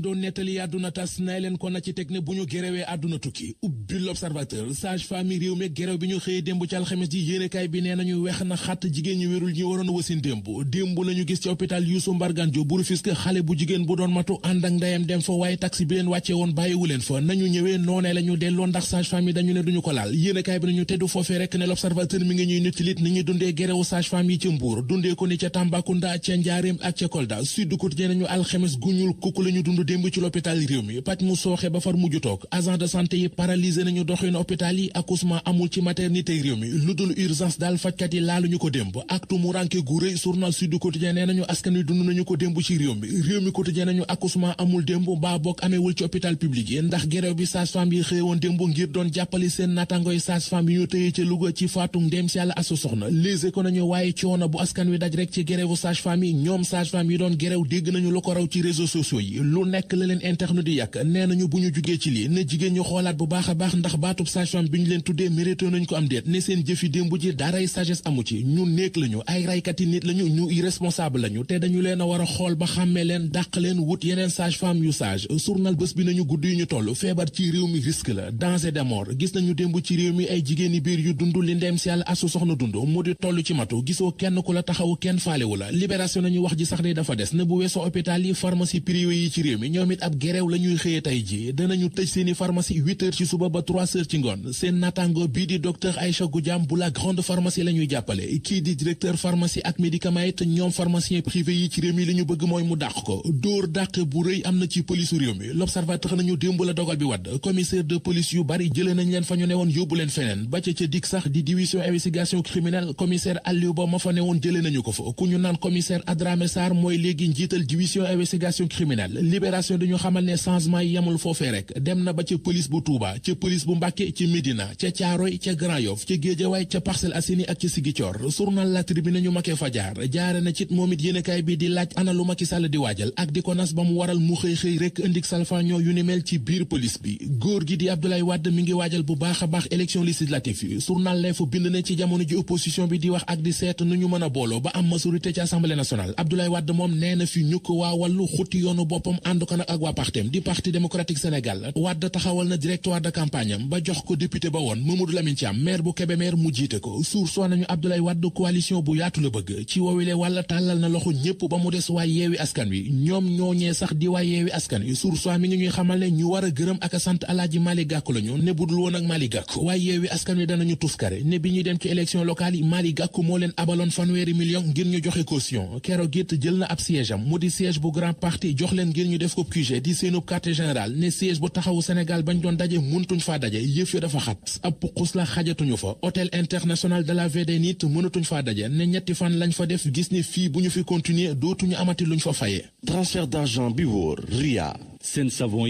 doon nettali àdduna tas nay leen ko na ci teg ne bu ñu gerewee àdduna tukki ubbi l'observateur sage femme réew mi gerew bi ñu xëyee démb ci alxames ji yéenekaay bi nee na ñu gis ci hôpital Youssou Mbargane bu Rufisque xale bu jigéen bu doon matu ànd ndeyam dem fa waaye taxi bi leen woon bàyyiwu leen fa nañu ñëwee noonee la ñu delloo ndax sage femme dañu ne duñu ko laal yéenekaay bi nañu teddu foofee rekk ne l'observateur mi ngi ñuy nettali démb ci l'hôpital réew mi paj mu sooxe ba far toog agent de santé yi paralysé nañu doxinu hôpital yi accouchement amul ci maternité réew mi lu dul urgence daal fajkat yi laalu ñu ko démb aktu mu ranke gu rëy journal Sud Quotidien nee nañu askan wi dund nañu ko démb ci réew mi réew mi Quotidien nañu accouchement amul démb baa bokk ameewul ci hôpital public yi ndax grève bi sage-femme yi xëyewoon démb ngir doon jàppale seen natangoy sage-femme yi ñu tëye ci faatu ndem ko nekk la leen internet di yàq nee nañu bu ñu jugee ci lii na jigéen ñu xoolaat bu baax a baax ndax baatub sage-femme bi ñu leen tuddee mérito nañ ko am déet ne seen jëfi démb ji daray sagesse amu ci ñu néeg lañu ay raykat nit lañu ñu irresponsable lañu te dañu leen a war a xool ba xàmmee leen dàq leen wut yeneen sage-femme yu sage journal bés bi nañu gudd yu ñu toll feebar ci réew mi risque la danger de mort gis nañu démb ci réew mi ay jigéeni biir yu dund li ndeem si yàlla asu soxna dund mu di toll ci matu gisoo kenn ku la taxaw kenn faalewu la libération nañu wax ji sax ne dafa des ne bu weesoo hôpital yi réew ñoom it ab gereew la xëyee tey ji danañu tëj seeni pharmacie huit ci suba ba trois heures ci ngoon seen natango bii di docteur Aïcha Goudiam bu la grande pharmacie la ñuy jàppale kii di directeur pharmacie ak médicament it ñoom pharmacien privé yi ci réew mi li bëgg mooy mu dàq ko dóor dàq bu rëy am na ci police réew mi l'observateur nañu démb la dogal bi wadd commissaire de police yu bari jëlee nañ leen fa ñu newoon yóbbu leen feneen ba ca ca libération dañu xamal ne changement yi yemul foofee rek dem na ba ca police bu Touba ca police bu Mbàkke ca Médina ca Caaroy ca Grand Yoff ca Géejawaay ca Parcelles Assainies ak ca Sigicoor journal La Tribune ñu makee fa jaar jaare na cit moom it yéenekaay bi di laaj ana lu Macky di waajal ak di ko nas ba mu waral mu xëy xëy rek indik salfaañoo yu ni mel ci biir police bi góor gi di Abdoulaye Wade mi ngi waajal bu baax a baax élection législative yi journal bind na bi di wax a booloo ànd ko ak waa di parti démocratique Sénégal Wade taxawal na directoire de campagne ba jox ko député ba woon Mamadou Lamine Thiam maire bu Kébémer mu jiite ko suur nañu Abdoulaye Wade coalition bu yaatu la bëgg ci woowile wàlla tàllal na loxo ñépp ba mu des waa yeewi askan wi ñoom ñooñee sax di waa yeewi askan wi suur mi ngi ñuy xamal ne ñu war a gërëm ak a sant alaaji Mali Gàkku la ñu ne budul woon ak Mali Gàkku waaye yeewi askan wi danañu ñu que QG di nos quartier général ne siège bo taxawu Sénégal bañ doon dajé mëntuñ fa dajé yëf ya dafa xat ab puqus la xajatuñu fa hôtel international de la VDN it mënatuñ faa daje ne ñetti fan lañ fa def gis ni fi buñu fi continuer dootuñu amati luñ fa fayé transfert d'argent bi wor RIA sen savon